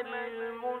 المسلمين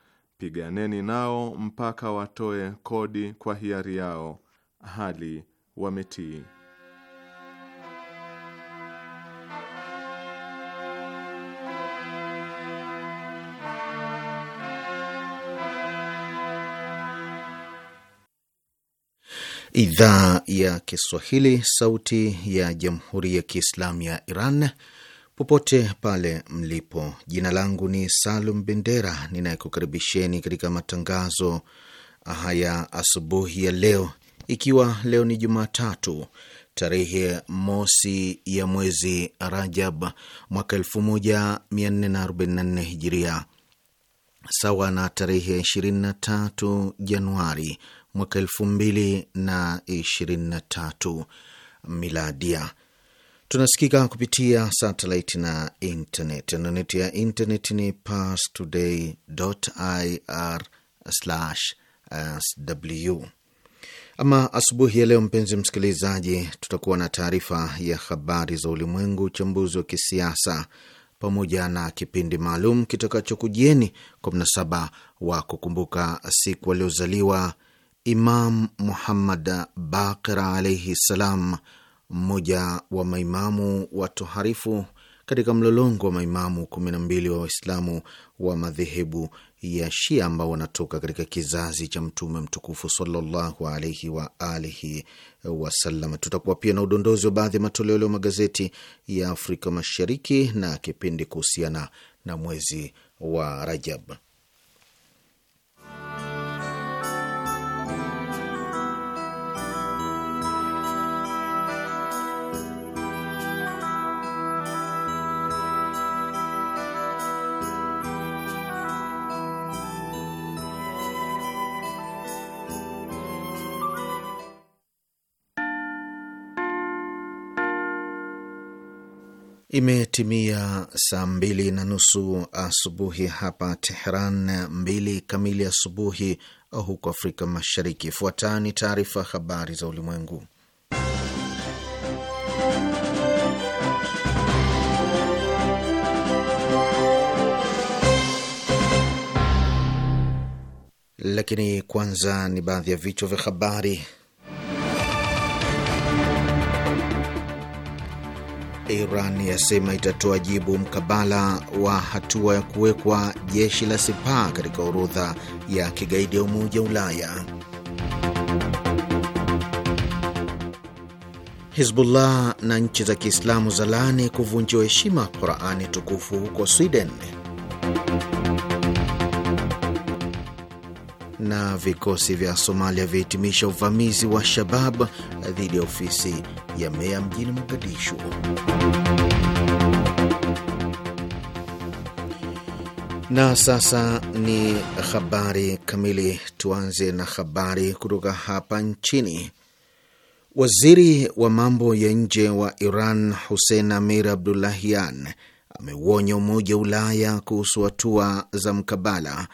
piganeni nao mpaka watoe kodi kwa hiari yao hali wametii. Idhaa ya Kiswahili, Sauti ya Jamhuri ya Kiislamu ya Iran popote pale mlipo. Jina langu ni Salum Bendera ninayekukaribisheni katika matangazo haya asubuhi ya leo, ikiwa leo ni Jumatatu tarehe mosi ya mwezi Rajab mwaka 1444 Hijiria, sawa na tarehe 23 Januari mwaka 2023 Miladia. Tunasikika kupitia satellite na internet. Anoneti ya internet ni parstoday.ir/sw. Ama asubuhi ya leo, mpenzi msikilizaji, tutakuwa na taarifa ya habari za ulimwengu, uchambuzi wa kisiasa, pamoja na kipindi maalum kitakachokujieni kwa mnasaba wa kukumbuka siku aliozaliwa Imam Muhammad Baqir alaihi ssalam mmoja wa maimamu watoharifu katika mlolongo wa maimamu kumi na mbili wa Waislamu wa madhehebu ya Shia ambao wanatoka katika kizazi cha Mtume mtukufu sallallahu alaihi wa alihi wasallam. Tutakuwa pia na udondozi wa baadhi ya matoleo leo magazeti ya Afrika Mashariki na kipindi kuhusiana na mwezi wa Rajab. Imetimia saa mbili na nusu asubuhi hapa Teheran, mbili kamili asubuhi huko Afrika Mashariki. Ifuatayo ni taarifa habari za ulimwengu, lakini kwanza ni baadhi ya vichwa vya habari. Iran yasema itatoa jibu mkabala wa hatua ya kuwekwa jeshi la sipa katika orodha ya kigaidi ya Umoja wa Ulaya. Hizbullah na nchi za Kiislamu zalani kuvunjiwa heshima Qurani tukufu huko Sweden na vikosi vya Somalia vyahitimisha uvamizi wa Shabab dhidi ya ofisi ya meya mjini Mogadishu. Na sasa ni habari kamili. Tuanze na habari kutoka hapa nchini. Waziri wa mambo ya nje wa Iran Hussein Amir Abdullahian ameuonya Umoja wa Ulaya kuhusu hatua za mkabala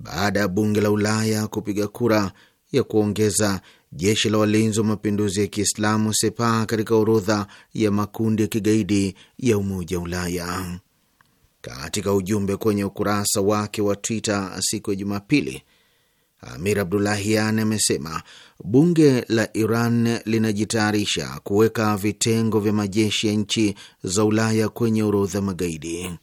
baada ya bunge la Ulaya kupiga kura ya kuongeza jeshi la walinzi wa mapinduzi ya Kiislamu sepa katika orodha ya makundi ya kigaidi ya Umoja wa Ulaya. Katika ujumbe kwenye ukurasa wake wa Twitter siku ya Jumapili, Amir Abdulahian amesema bunge la Iran linajitayarisha kuweka vitengo vya majeshi ya nchi za Ulaya kwenye orodha magaidi.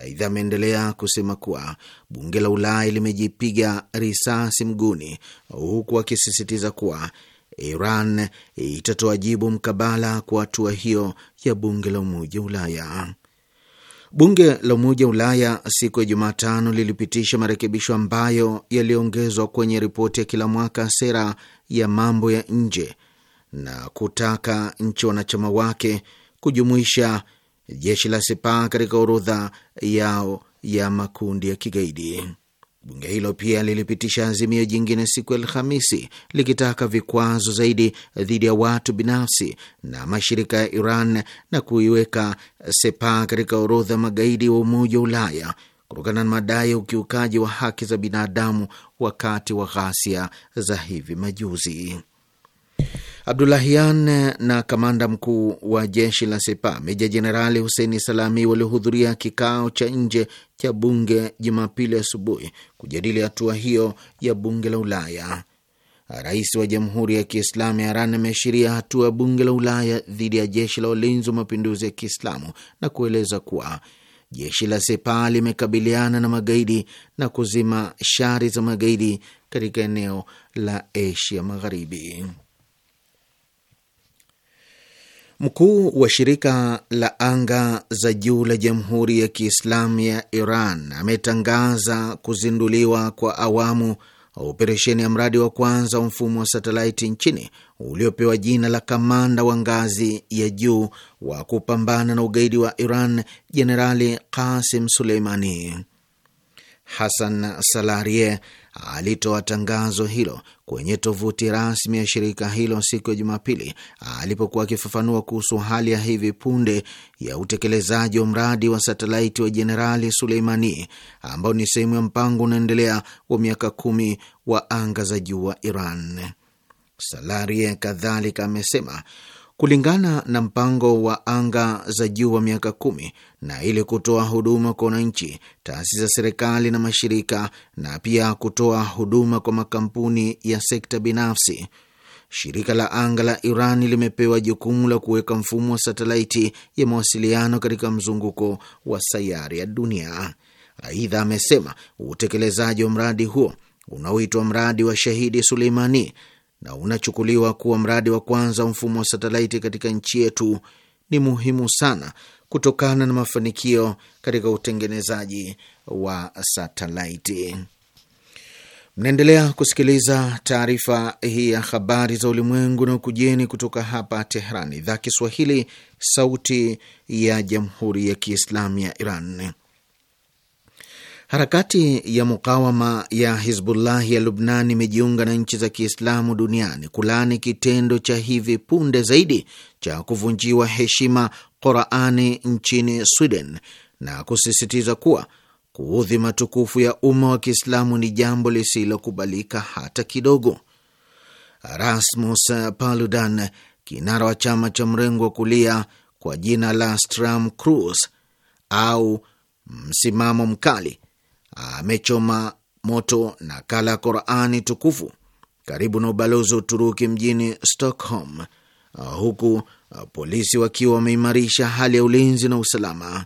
Aidha, ameendelea kusema kuwa bunge la Ulaya limejipiga risasi mguni huku akisisitiza kuwa Iran itatoa jibu mkabala kwa hatua hiyo ya bunge la Umoja wa Ulaya. Bunge la Umoja wa Ulaya siku ya Jumatano lilipitisha marekebisho ambayo yaliongezwa kwenye ripoti ya kila mwaka sera ya mambo ya nje na kutaka nchi wanachama wake kujumuisha jeshi la Sepa katika orodha yao ya makundi ya kigaidi. Bunge hilo pia lilipitisha azimio jingine siku ya Alhamisi likitaka vikwazo zaidi dhidi ya watu binafsi na mashirika ya Iran na kuiweka Sepa katika orodha magaidi wa Umoja wa Ulaya kutokana na madai ya ukiukaji wa haki za binadamu wakati wa ghasia za hivi majuzi. Abdulahian na kamanda mkuu wa jeshi la Sepa meja jenerali Huseini Salami waliohudhuria kikao cha nje cha bunge Jumapili asubuhi kujadili hatua hiyo ya bunge la Ulaya. Rais wa Jamhuri ya Kiislamu ya Iran ameashiria hatua ya bunge la Ulaya dhidi ya jeshi la walinzi wa mapinduzi ya Kiislamu na kueleza kuwa jeshi la Sepa limekabiliana na magaidi na kuzima shari za magaidi katika eneo la Asia Magharibi. Mkuu wa shirika la anga za juu la Jamhuri ya Kiislamu ya Iran ametangaza kuzinduliwa kwa awamu operesheni ya mradi wa kwanza wa mfumo wa satelaiti nchini uliopewa jina la kamanda wa ngazi ya juu wa kupambana na ugaidi wa Iran, Jenerali Kasim Suleimani. Hassan Salarie alitoa tangazo hilo kwenye tovuti rasmi ya shirika hilo siku ya Jumapili alipokuwa akifafanua kuhusu hali ya hivi punde ya utekelezaji wa mradi wa satelaiti wa Jenerali Suleimani ambao ni sehemu ya mpango unaendelea wa miaka kumi wa anga za juu wa Iran. Salarie kadhalika amesema kulingana na mpango wa anga za juu wa miaka kumi, na ili kutoa huduma kwa wananchi, taasisi za serikali na mashirika, na pia kutoa huduma kwa makampuni ya sekta binafsi. Shirika la anga la Iran limepewa jukumu la kuweka mfumo wa satelaiti ya mawasiliano katika mzunguko wa sayari ya dunia. Aidha, amesema utekelezaji wa mradi huo unaoitwa mradi wa Shahidi Suleimani na unachukuliwa kuwa mradi wa kwanza wa mfumo wa satelaiti katika nchi yetu ni muhimu sana kutokana na mafanikio katika utengenezaji wa satelaiti. Mnaendelea kusikiliza taarifa hii ya habari za ulimwengu na ukujeni kutoka hapa Teherani, idhaa Kiswahili, sauti ya jamhuri ya kiislamu ya Iran. Harakati ya mukawama ya hizbullahi ya Lubnan imejiunga na nchi za Kiislamu duniani kulani kitendo cha hivi punde zaidi cha kuvunjiwa heshima Qurani nchini Sweden na kusisitiza kuwa kuudhi matukufu ya umma wa Kiislamu ni jambo lisilokubalika hata kidogo. Rasmus Paludan, kinara wa chama cha mrengo wa kulia kwa jina la Stram cruz au msimamo mkali amechoma moto nakala ya Qurani tukufu karibu na ubalozi wa Uturuki mjini Stockholm, huku polisi wakiwa wameimarisha hali ya ulinzi na usalama.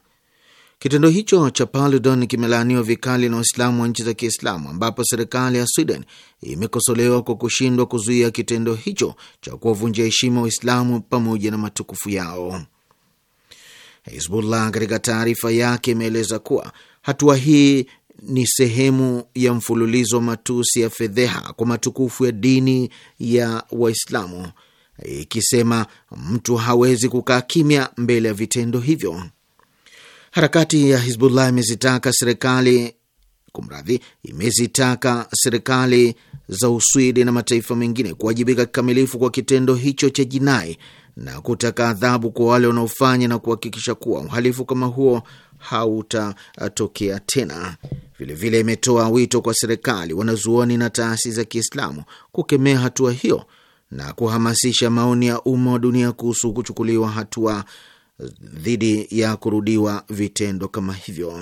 Kitendo hicho cha Paludan kimelaaniwa vikali na Waislamu wa nchi za Kiislamu, ambapo serikali ya Sweden imekosolewa kwa kushindwa kuzuia kitendo hicho cha kuwavunjia heshima Waislamu pamoja na matukufu yao. Hizbullah katika taarifa yake imeeleza kuwa hatua hii ni sehemu ya mfululizo wa matusi ya fedheha kwa matukufu ya dini ya Waislamu, ikisema mtu hawezi kukaa kimya mbele ya vitendo hivyo. Harakati ya Hizbullah imezitaka serikali kumradhi, imezitaka serikali za Uswidi na mataifa mengine kuwajibika kikamilifu kwa kitendo hicho cha jinai na kutaka adhabu kwa wale wanaofanya na kuhakikisha kuwa uhalifu kama huo hautatokea tena. Vilevile imetoa wito kwa serikali, wanazuoni na taasisi za Kiislamu kukemea hatua hiyo na kuhamasisha maoni ya umma wa dunia kuhusu kuchukuliwa hatua dhidi ya kurudiwa vitendo kama hivyo.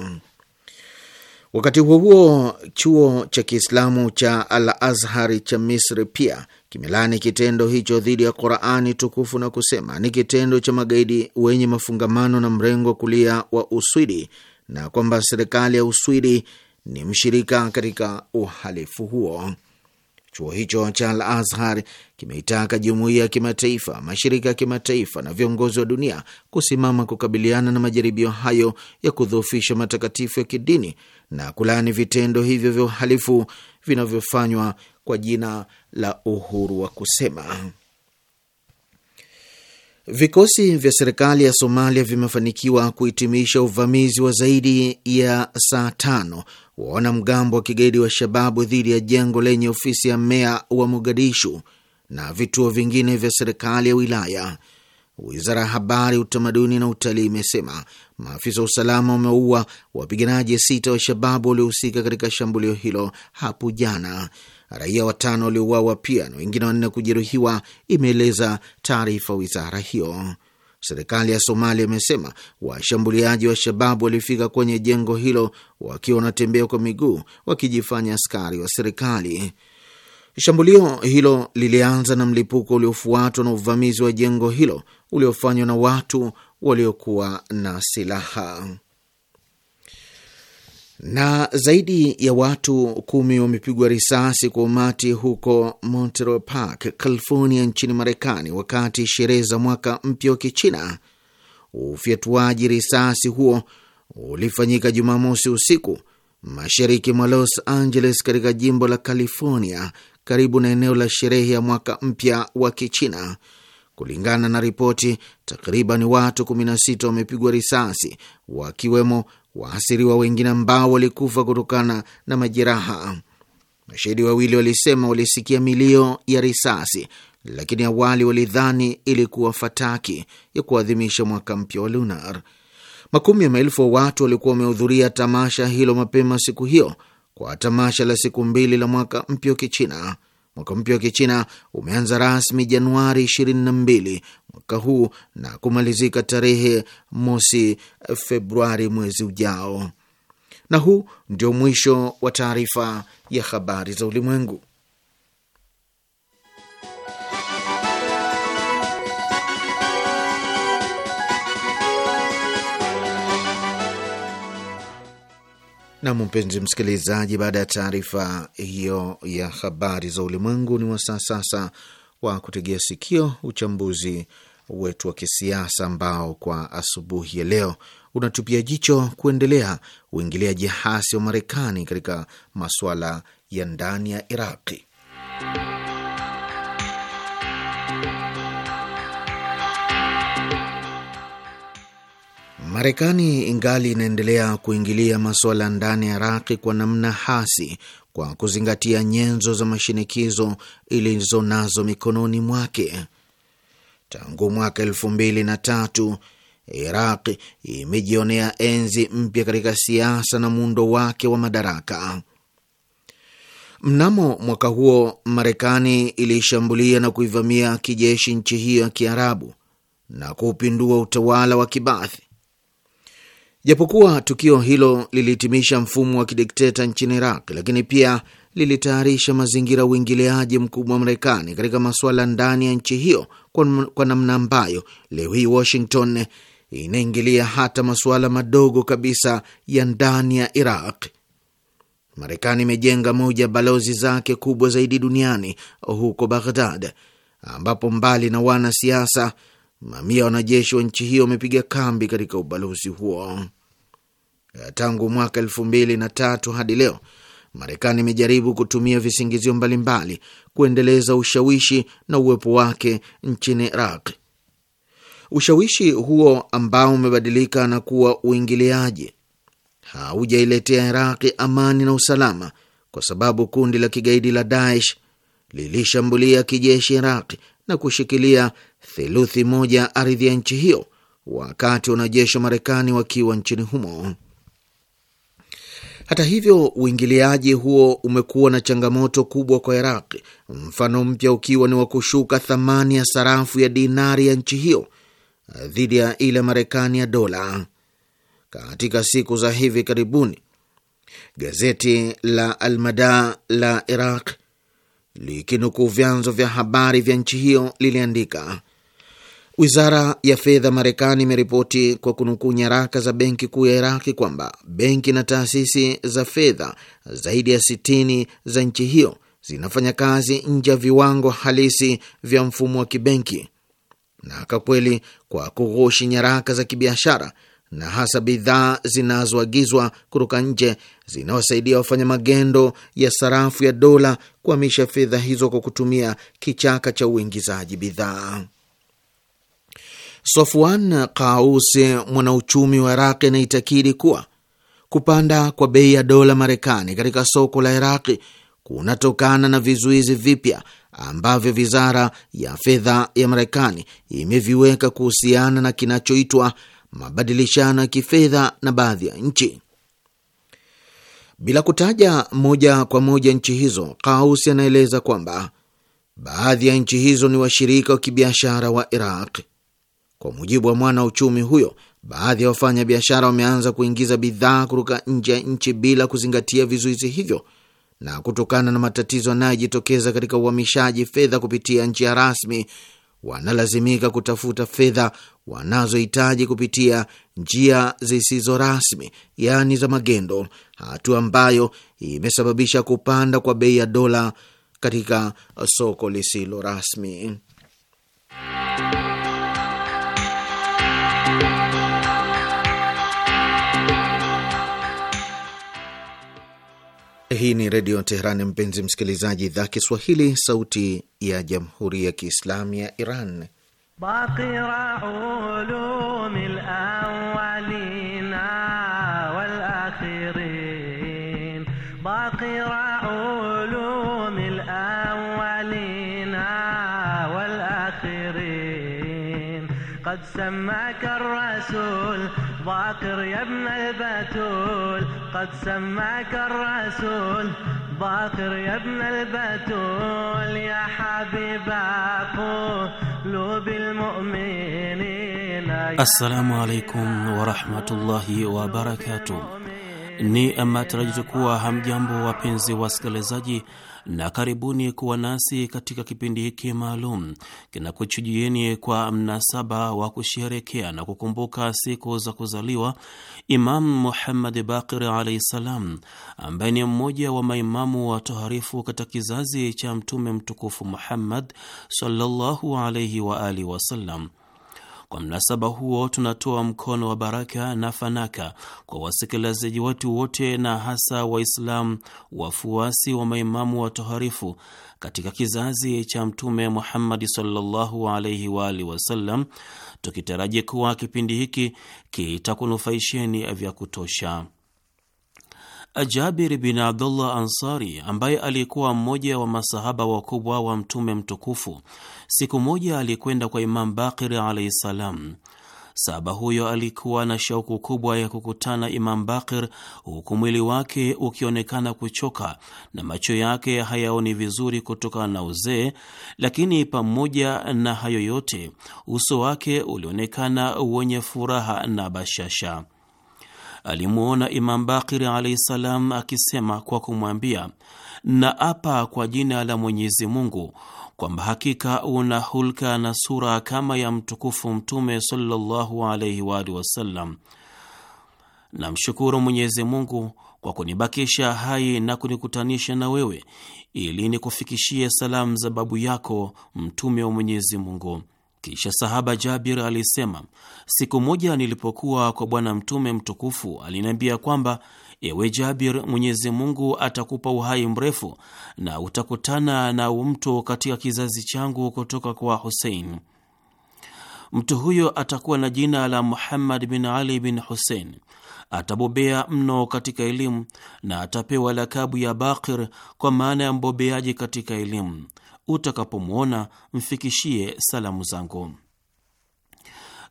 Wakati huo huo, chuo cha Kiislamu cha Al Azhari cha Misri pia kimelani kitendo hicho dhidi ya Qurani tukufu na kusema ni kitendo cha magaidi wenye mafungamano na mrengo kulia wa Uswidi na kwamba serikali ya Uswidi ni mshirika katika uhalifu huo. Chuo hicho cha Al Azhar kimeitaka jumuiya ya kimataifa, mashirika ya kimataifa na viongozi wa dunia kusimama kukabiliana na majaribio hayo ya kudhoofisha matakatifu ya kidini na kulaani vitendo hivyo vya uhalifu vinavyofanywa kwa jina la uhuru wa kusema. Vikosi vya serikali ya Somalia vimefanikiwa kuhitimisha uvamizi wa zaidi ya saa tano mgambo wa kigaidi wa Shababu dhidi ya jengo lenye ofisi ya meya wa Mogadishu na vituo vingine vya serikali ya wilaya. Wizara ya Habari, Utamaduni na Utalii imesema maafisa wa usalama wameua wapiganaji sita wa Shababu waliohusika katika shambulio hilo hapo jana. Raia watano waliouawa pia na wengine wanne kujeruhiwa, imeeleza taarifa wizara hiyo. Serikali ya Somalia imesema washambuliaji wa Shababu walifika kwenye jengo hilo wakiwa wanatembea kwa miguu wakijifanya askari wa serikali. Shambulio hilo lilianza na mlipuko uliofuatwa na uvamizi wa jengo hilo uliofanywa na watu waliokuwa na silaha na zaidi ya watu kumi wamepigwa risasi kwa umati huko Monterey Park, California, nchini Marekani, wakati sherehe za mwaka mpya wa Kichina. Ufyatuaji risasi huo ulifanyika Jumamosi usiku mashariki mwa Los Angeles, katika jimbo la California, karibu na eneo la sherehe ya mwaka mpya wa Kichina. Kulingana na ripoti, takriban watu 16 wamepigwa risasi wakiwemo waasiriwa wengine ambao walikufa kutokana na majeraha. Mashahidi wawili walisema walisikia milio ya risasi, lakini awali walidhani ilikuwa fataki ya kuadhimisha mwaka mpya wa Lunar. Makumi ya maelfu wa watu walikuwa wamehudhuria tamasha hilo mapema siku hiyo, kwa tamasha la siku mbili la mwaka mpya wa Kichina. Mwaka mpya wa Kichina umeanza rasmi Januari 22 mwaka huu na kumalizika tarehe mosi Februari mwezi ujao. Na huu ndio mwisho wa taarifa ya habari za ulimwengu. Nam, mpenzi msikilizaji, baada ya taarifa hiyo ya habari za ulimwengu, ni wasaa sasa wa kutegea sikio uchambuzi wetu wa kisiasa ambao kwa asubuhi ya leo unatupia jicho kuendelea uingiliaji hasi wa Marekani katika masuala ya ndani ya Iraqi. Marekani ingali inaendelea kuingilia masuala ndani ya Iraqi kwa namna hasi kwa kuzingatia nyenzo za mashinikizo ilizo nazo mikononi mwake. Tangu mwaka elfu mbili na tatu Iraq imejionea enzi mpya katika siasa na muundo wake wa madaraka. Mnamo mwaka huo Marekani ilishambulia na kuivamia kijeshi nchi hiyo ya Kiarabu na kuupindua utawala wa Kibathi Japokuwa tukio hilo lilihitimisha mfumo wa kidikteta nchini Iraq, lakini pia lilitayarisha mazingira ya uingiliaji mkubwa wa Marekani katika masuala ndani ya nchi hiyo, kwa, kwa namna ambayo leo hii Washington inaingilia hata masuala madogo kabisa ya ndani ya Iraq. Marekani imejenga moja ya balozi zake kubwa zaidi duniani huko Baghdad, ambapo mbali na wanasiasa mamia wanajeshi wa nchi hiyo wamepiga kambi katika ubalozi huo. Tangu mwaka elfu mbili na tatu hadi leo, Marekani imejaribu kutumia visingizio mbalimbali kuendeleza ushawishi na uwepo wake nchini Iraq. Ushawishi huo ambao umebadilika na kuwa uingiliaji haujailetea Iraqi amani na usalama, kwa sababu kundi la kigaidi la Daesh lilishambulia kijeshi Iraqi na kushikilia theluthi moja ardhi ya nchi hiyo, wakati wanajeshi wa Marekani wakiwa nchini humo. Hata hivyo, uingiliaji huo umekuwa na changamoto kubwa kwa iraq mfano mpya ukiwa ni wa kushuka thamani ya sarafu ya dinari ya nchi hiyo dhidi ya ile Marekani ya dola. Katika siku za hivi karibuni, gazeti la Almada la Iraq likinukuu vyanzo vya habari vya nchi hiyo liliandika Wizara ya fedha Marekani imeripoti kwa kunukuu nyaraka za benki kuu ya Iraki kwamba benki na taasisi za fedha zaidi ya 60 za nchi hiyo zinafanya kazi nje ya viwango halisi vya mfumo wa kibenki na kwa kweli, kwa kughushi nyaraka za kibiashara na hasa bidhaa zinazoagizwa kutoka nje zinawasaidia wafanya magendo ya sarafu ya dola kuhamisha fedha hizo kwa kutumia kichaka cha uingizaji bidhaa. Sofwan Kaus, mwanauchumi wa Iraqi, anaitakidi kuwa kupanda kwa bei ya dola Marekani katika soko la Iraqi kunatokana na vizuizi vipya ambavyo wizara ya fedha ya Marekani imeviweka kuhusiana na kinachoitwa mabadilishano ya kifedha na baadhi ya nchi. Bila kutaja moja kwa moja nchi hizo, Kaus anaeleza kwamba baadhi ya nchi hizo ni washirika wa kibiashara wa Iraq. Kwa mujibu wa mwana uchumi huyo, baadhi ya wafanyabiashara wameanza kuingiza bidhaa kutoka nje ya nchi bila kuzingatia vizuizi hivyo, na kutokana na matatizo yanayojitokeza katika uhamishaji fedha kupitia njia rasmi, wanalazimika kutafuta fedha wanazohitaji kupitia njia zisizo rasmi, yaani za magendo, hatua ambayo imesababisha kupanda kwa bei ya dola katika soko lisilo rasmi. Hii ni Redio Teherani, mpenzi msikilizaji, idhaa Kiswahili, sauti ya jamhuri ya kiislamu ya Iran. Qad sammaka ar-rasul baqir ya ibn al-batul قد سماك الرسول باقر يا ابن البتول يا حبيب أقول المؤمنين السلام عليكم ورحمة الله وبركاته Ni matarajio kuwa hamjambo, wapenzi wasikilizaji, na karibuni kuwa nasi katika kipindi hiki maalum kinakuchujieni kwa mnasaba wa kusherekea na kukumbuka siku za kuzaliwa Imamu Muhammad Baqir alaihi salam, ambaye ni mmoja wa maimamu watoharifu katika kizazi cha Mtume mtukufu Muhammad sallallahu alaihi waalihi wasallam. Kwa mnasaba huo, tunatoa mkono wa baraka na fanaka kwa wasikilizaji wetu wote na hasa Waislamu wafuasi wa maimamu watoharifu katika kizazi cha Mtume Muhammadi sallallahu alaihi wa alihi wasallam, tukitarajia kuwa kipindi hiki kitakunufaisheni vya kutosha. Jabir bin Abdullah Ansari ambaye alikuwa mmoja wa masahaba wakubwa wa Mtume mtukufu, siku moja alikwenda kwa Imam Bakir alaihi salam. Sahaba huyo alikuwa na shauku kubwa ya kukutana Imam Bakir, huku mwili wake ukionekana kuchoka na macho yake hayaoni vizuri kutokana na uzee. Lakini pamoja na hayo yote, uso wake ulionekana wenye furaha na bashasha alimwona Imam Bakiri alaihi salam akisema kwa kumwambia, na apa kwa jina la Mwenyezi Mungu kwamba hakika una hulka na sura kama ya mtukufu Mtume sallallahu alaihi waalihi wasallam. Namshukuru Mwenyezi Mungu kwa kunibakisha hai na kunikutanisha na wewe ili nikufikishie salamu za babu yako Mtume wa Mwenyezi Mungu. Kisha sahaba Jabir alisema, siku moja nilipokuwa kwa Bwana Mtume mtukufu aliniambia kwamba ewe Jabir, Mwenyezi Mungu atakupa uhai mrefu na utakutana na mtu katika kizazi changu kutoka kwa Husein. Mtu huyo atakuwa na jina la Muhammad bin Ali bin Husein. Atabobea mno katika elimu na atapewa lakabu ya Bakir, kwa maana ya mbobeaji katika elimu utakapomwona mfikishie salamu zangu.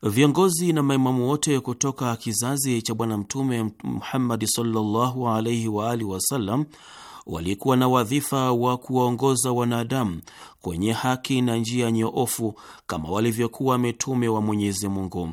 Viongozi na maimamu wote kutoka kizazi cha Bwana Mtume Muhammadi sallallahu alaihi wa alihi wasallam walikuwa na wadhifa wa kuwaongoza wanadamu kwenye haki na njia nyoofu kama walivyokuwa mitume wa Mwenyezi Mungu.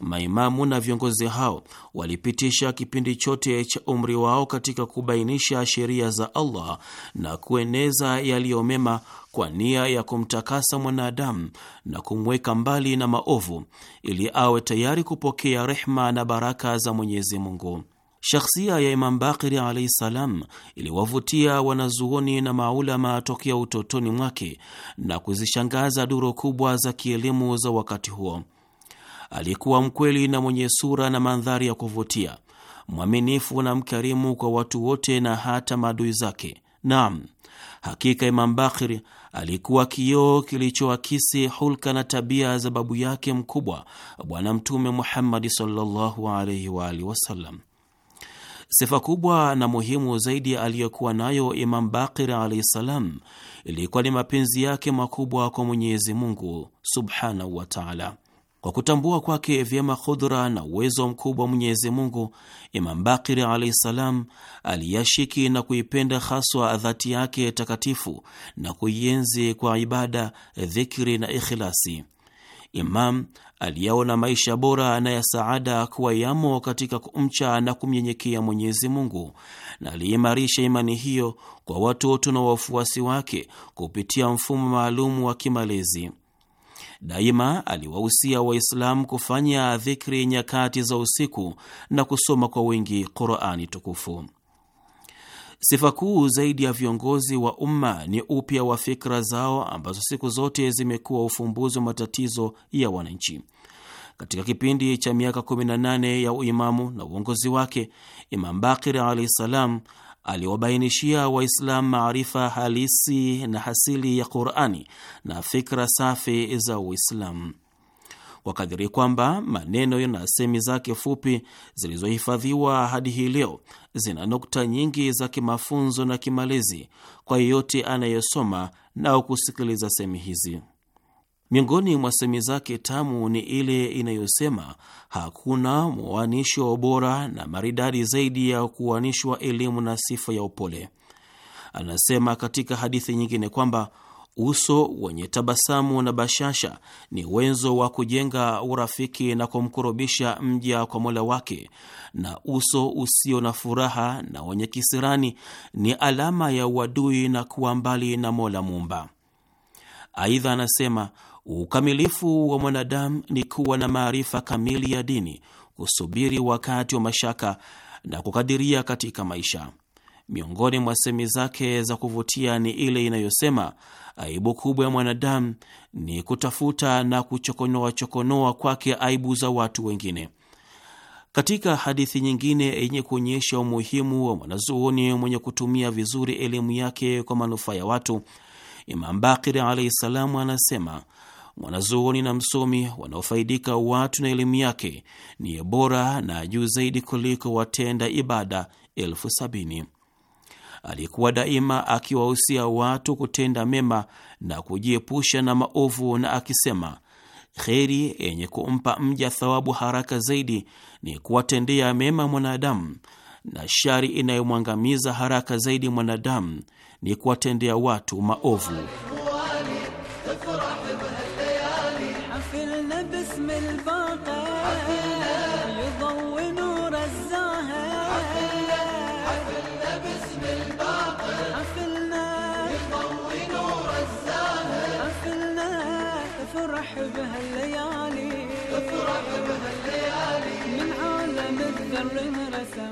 Maimamu na viongozi hao walipitisha kipindi chote cha umri wao katika kubainisha sheria za Allah na kueneza yaliyomema kwa nia ya kumtakasa mwanadamu na kumweka mbali na maovu ili awe tayari kupokea rehma na baraka za Mwenyezi Mungu. Shakhsia ya Imam Bakiri alaihi ssalam iliwavutia wanazuoni na maulama tokea utotoni mwake na kuzishangaza duru kubwa za kielimu za wakati huo. Alikuwa mkweli na mwenye sura na mandhari ya kuvutia, mwaminifu na mkarimu kwa watu wote na hata maadui zake. Naam, hakika Imam Bakir alikuwa kioo kilichoakisi hulka na tabia za babu yake mkubwa Bwana Mtume Muhammadi sallallahu alaihi wa alihi wasallam. Sifa kubwa na muhimu zaidi aliyokuwa nayo Imam Bakir alaihi salam ilikuwa ni mapenzi yake makubwa kwa Mwenyezi Mungu subhanahu wa taala. Kwa kutambua kwake vyema khudhura na uwezo mkubwa wa Mwenyezi Mungu, Imam Bakiri alaihi ssalam aliyashiki na kuipenda haswa dhati yake takatifu na kuienzi kwa ibada, dhikri na ikhilasi. Imam aliyaona maisha bora na ya saada kuwa yamo katika kumcha na kumnyenyekea Mwenyezi Mungu, na aliimarisha imani hiyo kwa watoto na wafuasi wake kupitia mfumo maalum wa kimalezi. Daima aliwahusia Waislamu kufanya dhikri nyakati za usiku na kusoma kwa wingi Qurani tukufu. Sifa kuu zaidi ya viongozi wa umma ni upya wa fikra zao ambazo siku zote zimekuwa ufumbuzi wa matatizo ya wananchi. Katika kipindi cha miaka 18 ya uimamu na uongozi wake, Imam Bakir alaihi salam aliwabainishia Waislamu maarifa halisi na hasili ya Qurani na fikra safi za Uislamu kwa kadiri kwamba maneno na semi zake fupi zilizohifadhiwa hadi hii leo zina nukta nyingi za kimafunzo na kimalezi kwa yeyote anayesoma na kusikiliza semi hizi. Miongoni mwa semi zake tamu ni ile inayosema hakuna muanisho bora na maridadi zaidi ya kuanishwa elimu na sifa ya upole. Anasema katika hadithi nyingine kwamba uso wenye tabasamu na bashasha ni wenzo wa kujenga urafiki na kumkurubisha mja kwa Mola wake, na uso usio na furaha na wenye kisirani ni alama ya uadui na kuwa mbali na Mola Muumba. Aidha anasema Ukamilifu wa mwanadamu ni kuwa na maarifa kamili ya dini, kusubiri wakati wa mashaka na kukadiria katika maisha. Miongoni mwa semi zake za kuvutia ni ile inayosema aibu kubwa ya mwanadamu ni kutafuta na kuchokonoa chokonoa kwake aibu za watu wengine. Katika hadithi nyingine yenye kuonyesha umuhimu wa mwanazuoni mwenye kutumia vizuri elimu yake kwa manufaa ya watu, Imam Bakir alaihi salamu anasema mwanazuoni na msomi wanaofaidika watu na elimu yake ni bora na juu zaidi kuliko watenda ibada elfu sabini. Alikuwa daima akiwahusia watu kutenda mema na kujiepusha na maovu, na akisema kheri yenye kumpa mja thawabu haraka zaidi ni kuwatendea mema mwanadamu, na shari inayomwangamiza haraka zaidi mwanadamu ni kuwatendea watu maovu.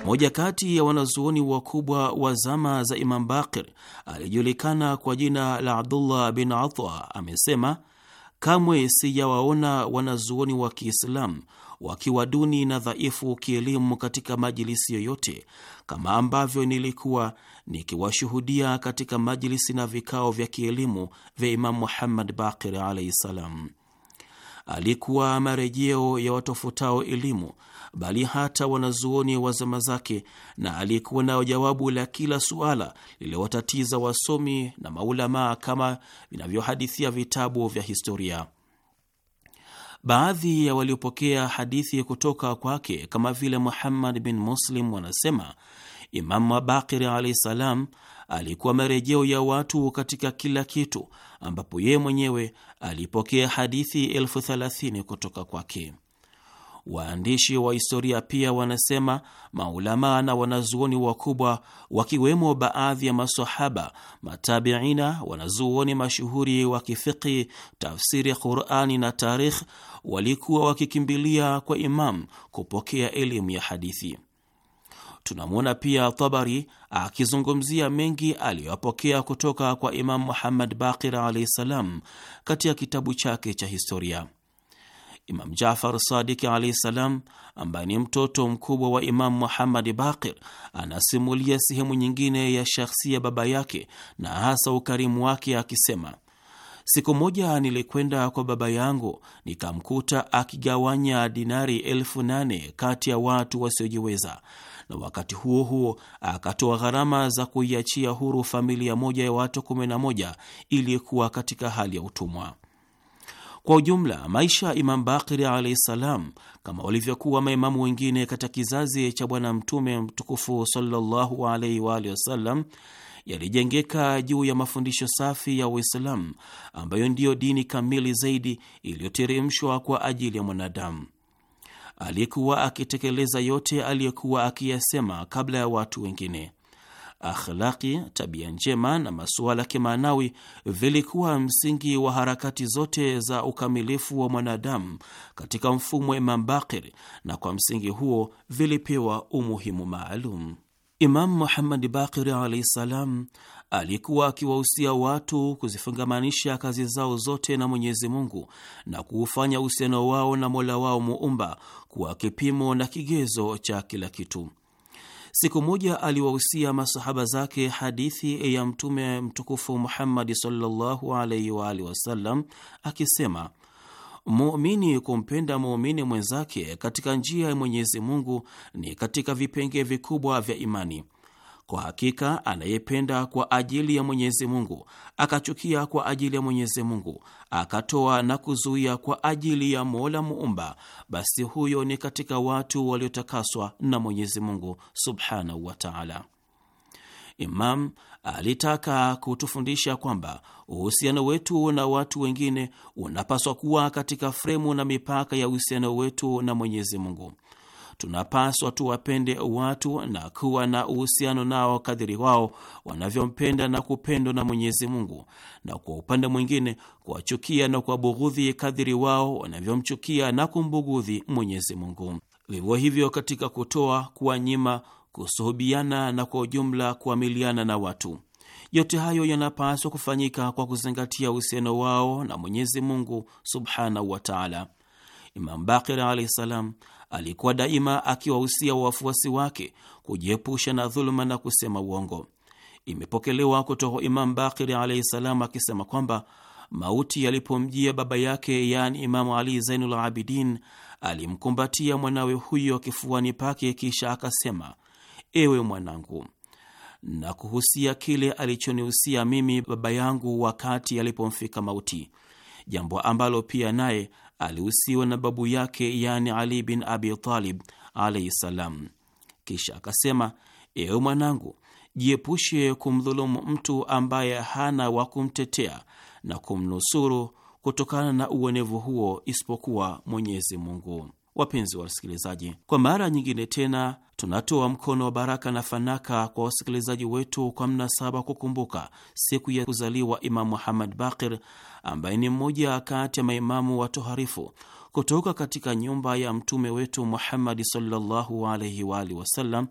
Moja kati ya wanazuoni wakubwa wa zama za Imam Bakir aliyejulikana kwa jina la Abdullah bin Atha amesema, kamwe sijawaona wanazuoni wa Kiislamu wakiwa duni na dhaifu kielimu katika majilisi yoyote, kama ambavyo nilikuwa nikiwashuhudia katika majilisi na vikao vya kielimu vya Imamu Muhammad Bakir alaihi ssalam alikuwa marejeo ya watofutao elimu, bali hata wanazuoni wa zama zake, na alikuwa nayo jawabu la kila suala lililowatatiza wasomi na maulamaa kama vinavyohadithia vitabu vya historia. Baadhi ya waliopokea hadithi kutoka kwake kama vile Muhammad bin Muslim wanasema Imamu Bakiri alaihi salam alikuwa marejeo ya watu katika kila kitu, ambapo yeye mwenyewe alipokea hadithi elfu thelathini kutoka kwake. Waandishi wa historia pia wanasema maulamaa na wanazuoni wakubwa wakiwemo baadhi ya masahaba, matabiina, wanazuoni mashuhuri wa kifiqi tafsiri Qurani na tarikh walikuwa wakikimbilia kwa Imam kupokea elimu ya hadithi. Tunamwona pia Tabari akizungumzia mengi aliyoyapokea kutoka kwa Imamu Muhammad Baqir alaihi ssalam katika kitabu chake cha historia. Imam Jafar Sadiki alaihi ssalam, ambaye ni mtoto mkubwa wa Imamu Muhammad Baqir, anasimulia sehemu nyingine ya shakhsia baba yake na hasa ukarimu wake akisema Siku moja nilikwenda kwa baba yangu nikamkuta akigawanya dinari elfu nane kati ya watu wasiojiweza, na wakati huo huo akatoa gharama za kuiachia huru familia moja ya watu 11 iliyokuwa katika hali ya utumwa. Kwa ujumla maisha ya Imam Bakiri alaihi salam, kama walivyokuwa maimamu wengine katika kizazi cha Bwana Mtume mtukufu sallallahu alaihi waalihi wasallam, yalijengeka juu ya mafundisho safi ya Uislamu ambayo ndiyo dini kamili zaidi iliyoteremshwa kwa ajili ya mwanadamu aliyekuwa akitekeleza yote aliyokuwa akiyasema kabla ya watu wengine. Akhlaki, tabia njema na masuala kimaanawi vilikuwa msingi wa harakati zote za ukamilifu wa mwanadamu katika mfumo wa Imam Bakir, na kwa msingi huo vilipewa umuhimu maalum. Imamu Muhammad Bakiri alaihi salam alikuwa akiwahusia watu kuzifungamanisha kazi zao zote na Mwenyezi Mungu na kuufanya uhusiano wao na Mola wao muumba kuwa kipimo na kigezo cha kila kitu. Siku moja aliwahusia masahaba zake hadithi ya Mtume mtukufu Muhammadi sallallahu alaihi wa alihi wasallam akisema Muumini kumpenda muumini mwenzake katika njia ya Mwenyezi Mungu ni katika vipenge vikubwa vya imani. Kwa hakika anayependa kwa ajili ya Mwenyezi Mungu, akachukia kwa ajili ya Mwenyezi Mungu, akatoa na kuzuia kwa ajili ya Mola Muumba, basi huyo ni katika watu waliotakaswa na Mwenyezi Mungu subhanahu wa taala. Imam alitaka kutufundisha kwamba uhusiano wetu na watu wengine unapaswa kuwa katika fremu na mipaka ya uhusiano wetu na Mwenyezi Mungu. Tunapaswa tuwapende watu na kuwa na uhusiano nao kadhiri wao wanavyompenda na kupendwa na Mwenyezi Mungu, na kwa upande mwingine kuwachukia na kuwabughudhi kadhiri wao wanavyomchukia na kumbughudhi Mwenyezi Mungu. Vivyo hivyo, katika kutoa, kuwanyima kusuhubiana na kwa ujumla kuamiliana na watu. Yote hayo yanapaswa kufanyika kwa kuzingatia uhusiano wao na Mwenyezi Mungu subhanahu wa taala. Imam Bakir alahi salam alikuwa daima akiwahusia wafuasi wake kujiepusha na dhuluma na kusema uongo. Imepokelewa kutoka Imam Bakir alahi salam akisema kwamba mauti yalipomjia baba yake, yaani Imamu Ali Zainul Abidin, alimkumbatia mwanawe huyo kifuani pake, kisha akasema ewe mwanangu, na kuhusia kile alichonihusia mimi baba yangu wakati alipomfika mauti, jambo ambalo pia naye alihusiwa na babu yake, yani Ali bin Abi Talib alaihi salam. Kisha akasema, ewe mwanangu, jiepushe kumdhulumu mtu ambaye hana wa kumtetea na kumnusuru kutokana na uonevu huo isipokuwa Mwenyezi Mungu wapenzi wa wasikilizaji, kwa mara nyingine tena tunatoa mkono wa baraka na fanaka kwa wasikilizaji wetu kwa mnasaba kukumbuka siku ya kuzaliwa Imamu Muhammad Bakir ambaye ni mmoja kati ya maimamu watoharifu kutoka katika nyumba ya mtume wetu Muhammadi sallallahu alaihi wa alihi wasallam,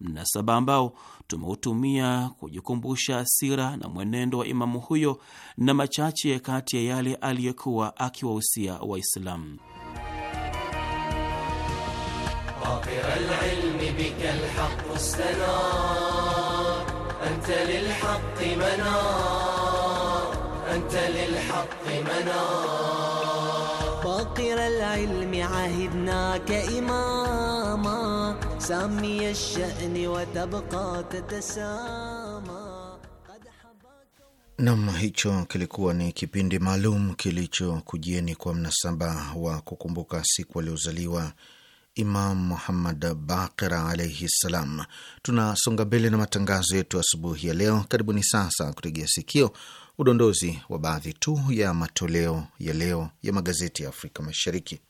mnasaba ambao tumeutumia kujikumbusha sira na mwenendo wa imamu huyo na machache kati ya yale aliyekuwa akiwahusia Waislamu. ناطر العلم بك الحق استنار أنت للحق منار أنت للحق منار باقر العلم عهدناك إماما سامي الشأن وتبقى تتسامى Nam, hicho kilikuwa ni kipindi maalum kilichokujieni kwa mnasaba wa kukumbuka siku aliozaliwa Imam Muhammad Baqir alaihi ssalam. Tunasonga mbele na matangazo yetu asubuhi ya leo. Karibuni sasa kutegea sikio udondozi wa baadhi tu ya matoleo ya leo ya magazeti ya Afrika Mashariki.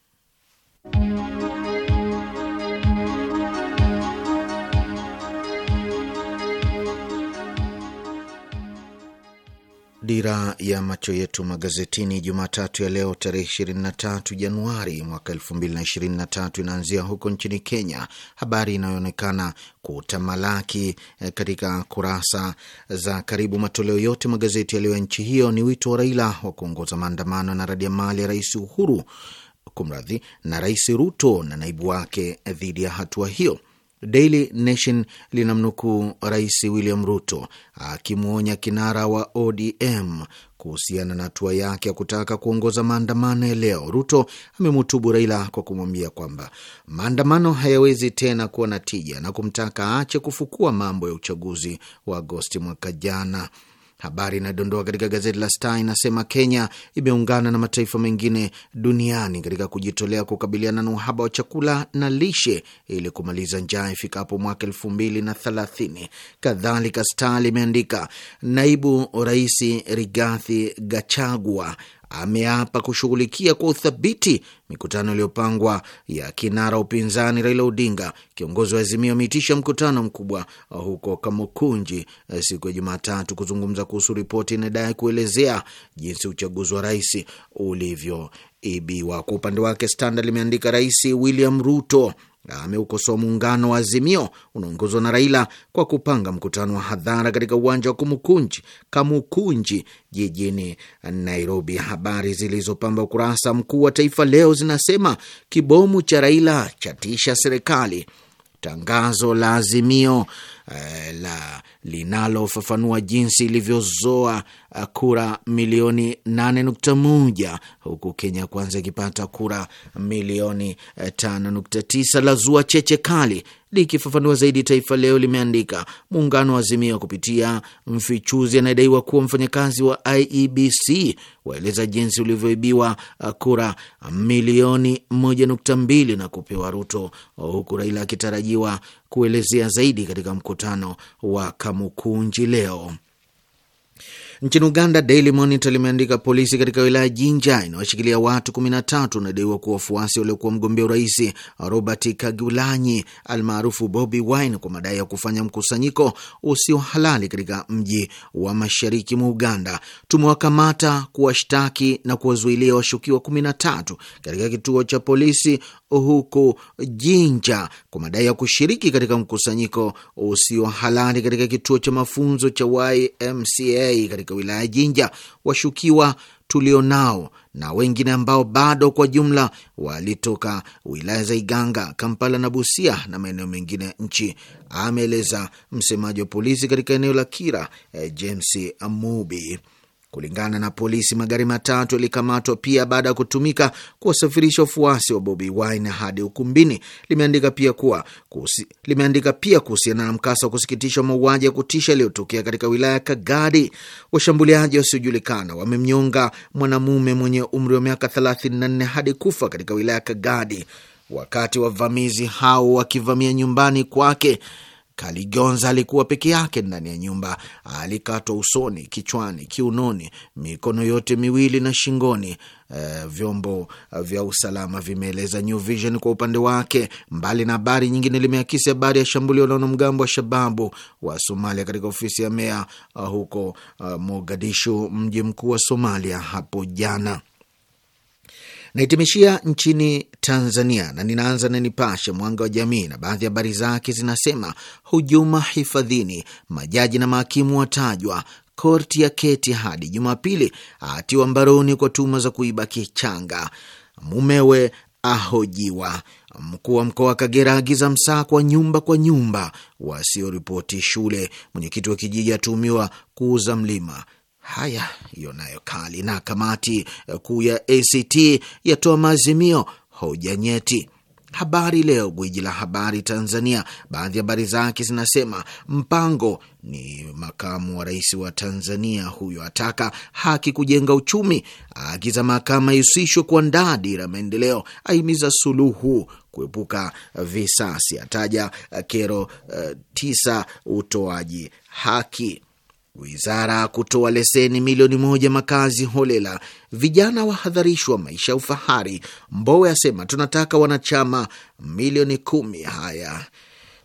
Dira ya macho yetu magazetini Jumatatu ya leo tarehe 23 Januari mwaka 2023 inaanzia huko nchini Kenya, habari inayoonekana kutamalaki eh, katika kurasa za karibu matoleo yote magazeti yaliyo ya nchi hiyo ni wito wa Raila wa kuongoza maandamano na radi mali ya Rais Uhuru kumradhi, na Rais Ruto na naibu wake dhidi ya hatua hiyo. Daily Nation linamnukuu Rais William Ruto akimwonya kinara wa ODM kuhusiana na hatua yake ya kutaka kuongoza maandamano ya leo. Ruto amemutubu Raila kwa kumwambia kwamba maandamano hayawezi tena kuwa na tija na kumtaka aache kufukua mambo ya uchaguzi wa Agosti mwaka jana. Habari inayodondoa katika gazeti la Star inasema Kenya imeungana na mataifa mengine duniani katika kujitolea kukabiliana na uhaba wa chakula na lishe ili kumaliza njaa ifikapo mwaka elfu mbili na thelathini. Kadhalika, Star limeandika naibu rais Rigathi Gachagua ameapa kushughulikia kwa uthabiti mikutano iliyopangwa ya kinara upinzani Raila Odinga. Kiongozi wa Azimio ameitisha mkutano mkubwa huko Kamukunji eh, siku ya Jumatatu kuzungumza kuhusu ripoti inadai kuelezea jinsi uchaguzi wa rais ulivyoibiwa. Kwa upande wake, Standard limeandika Rais William Ruto ameukosoa muungano wa Azimio unaongozwa na Raila kwa kupanga mkutano wa hadhara katika uwanja wa Kumukunji Kamukunji jijini Nairobi. Habari zilizopamba ukurasa mkuu wa Taifa Leo zinasema kibomu cha Raila chatisha serikali, tangazo la Azimio eh, la linalofafanua jinsi ilivyozoa eh, kura milioni 8.1 huku Kenya Kwanza ikipata kura milioni 5.9 eh, la zua cheche kali Likifafanua zaidi, Taifa Leo limeandika muungano wa Azimio kupitia mfichuzi anayedaiwa kuwa mfanyakazi wa IEBC waeleza jinsi ulivyoibiwa uh, kura milioni 1.2 na kupewa Ruto, huku Raila akitarajiwa kuelezea zaidi katika mkutano wa Kamukunji leo. Nchini Uganda, Daily Monitor limeandika polisi katika wilaya Jinja inawashikilia watu 13 wanadaiwa kuwa wafuasi waliokuwa mgombea urais Robert Kagulanyi almaarufu Bobi Wine kwa madai ya kufanya mkusanyiko usio halali katika mji wa mashariki mwa Uganda. Tumewakamata, kuwashtaki na kuwazuilia washukiwa 13 katika kituo cha polisi huku Jinja kwa madai ya kushiriki katika mkusanyiko usio halali katika kituo cha mafunzo cha YMCA katika wilaya ya Jinja. Washukiwa tulionao na wengine ambao bado kwa jumla walitoka wilaya za Iganga, Kampala na Busia na maeneo mengine ya nchi, ameeleza msemaji wa polisi katika eneo la Kira, eh, James Mubi. Kulingana na polisi, magari matatu yalikamatwa pia baada ya kutumika kuwasafirisha wafuasi wa Bobi Wine hadi ukumbini. Limeandika pia kuwa kusi, limeandika pia kuhusiana na mkasa wa kusikitisha mauaji ya kutisha yaliyotokea katika wilaya ya Kagadi. Washambuliaji wasiojulikana wamemnyonga mwanamume mwenye umri wa miaka 34 hadi kufa katika wilaya ya Kagadi wakati wavamizi hao wakivamia nyumbani kwake Kaligonza alikuwa peke yake ndani ya nyumba. Alikatwa usoni, kichwani, kiunoni, mikono yote miwili na shingoni. Uh, vyombo uh, vya usalama vimeeleza New Vision kwa upande wake. Mbali na habari nyingine, limeakisi habari ya shambulio la wanamgambo wa Shababu wa Somalia katika ofisi ya meya uh, huko uh, Mogadishu, mji mkuu wa Somalia hapo jana naitimishia nchini Tanzania na ninaanza na Nipashe Mwanga wa Jamii, na baadhi ya habari zake zinasema: hujuma hifadhini, majaji na mahakimu watajwa, korti ya keti hadi Jumapili, atiwa mbaroni kwa tuma za kuiba kichanga, mumewe ahojiwa. Mkuu wa mkoa wa Kagera agiza msako wa nyumba kwa nyumba wasioripoti shule. Mwenyekiti wa kijiji atumiwa kuuza mlima. Haya, hiyo nayo kali. Na kamati eh, kuu ya ACT yatoa maazimio hoja nyeti. Habari Leo, gwiji la habari Tanzania, baadhi ya habari zake zinasema Mpango ni makamu wa rais wa Tanzania, huyo ataka haki kujenga uchumi, aagiza mahakama ihusishwe kuandaa dira maendeleo, ahimiza suluhu kuepuka visasi, ataja eh, kero uh, tisa utoaji haki Wizara kutoa leseni milioni moja makazi holela, vijana wahadharishwa maisha ya ufahari. Mbowe asema tunataka wanachama milioni kumi. Haya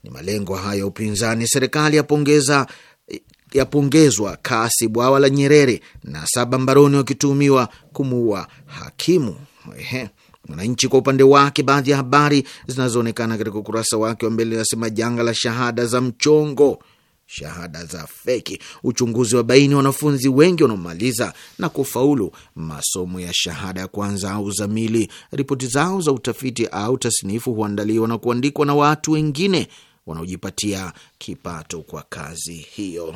ni malengo haya upinzani. Serikali yapongeza yapongezwa kasi bwawa la Nyerere na saba mbaroni wakituhumiwa kumuua hakimu. Ehe. Mwananchi kwa upande wake, baadhi ya habari zinazoonekana katika ukurasa wake wa mbele inasema janga la shahada za mchongo shahada za feki. Uchunguzi wa baini wanafunzi wengi wanaomaliza na kufaulu masomo ya shahada ya kwanza au zamili, ripoti zao za utafiti au tasnifu huandaliwa na kuandikwa na watu wengine wanaojipatia kipato kwa kazi hiyo.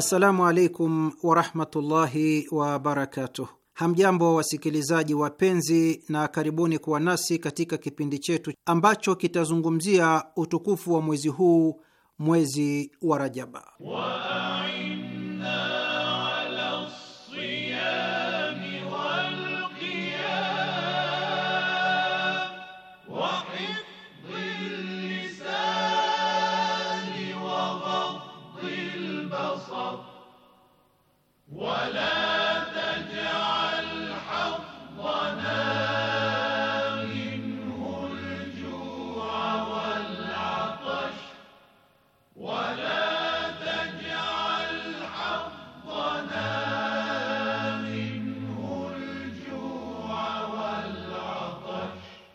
Assalamu alaikum warahmatullahi wabarakatuh. Hamjambo wasikilizaji wapenzi, na karibuni kuwa nasi katika kipindi chetu ambacho kitazungumzia utukufu wa mwezi huu, mwezi wa Rajaba wa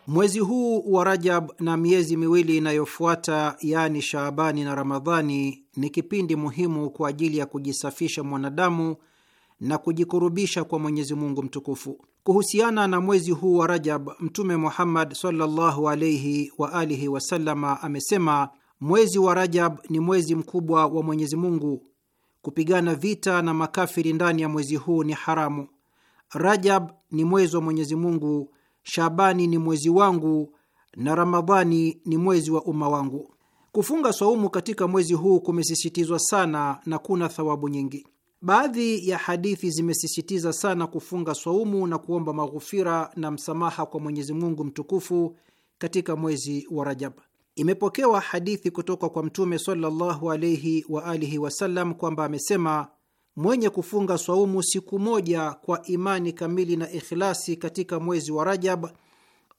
Mwezi huu wa Rajab na miezi miwili inayofuata yaani Shaabani na Ramadhani ni kipindi muhimu kwa ajili ya kujisafisha mwanadamu na kujikurubisha kwa Mwenyezi Mungu mtukufu. Kuhusiana na mwezi huu wa Rajab, Mtume Muhammad sallallahu alaihi wa alihi wasallama amesema, mwezi wa Rajab ni mwezi mkubwa wa Mwenyezi Mungu. Kupigana vita na makafiri ndani ya mwezi huu ni haramu. Rajab ni mwezi wa Mwenyezi Mungu, Shabani ni mwezi wangu na Ramadhani ni mwezi wa umma wangu. Kufunga saumu katika mwezi huu kumesisitizwa sana na kuna thawabu nyingi. Baadhi ya hadithi zimesisitiza sana kufunga swaumu na kuomba maghufira na msamaha kwa Mwenyezi Mungu mtukufu katika mwezi wa Rajab. Imepokewa hadithi kutoka kwa Mtume sallallahu alaihi wa alihi wasallam kwamba amesema, mwenye kufunga swaumu siku moja kwa imani kamili na ikhlasi katika mwezi wa Rajab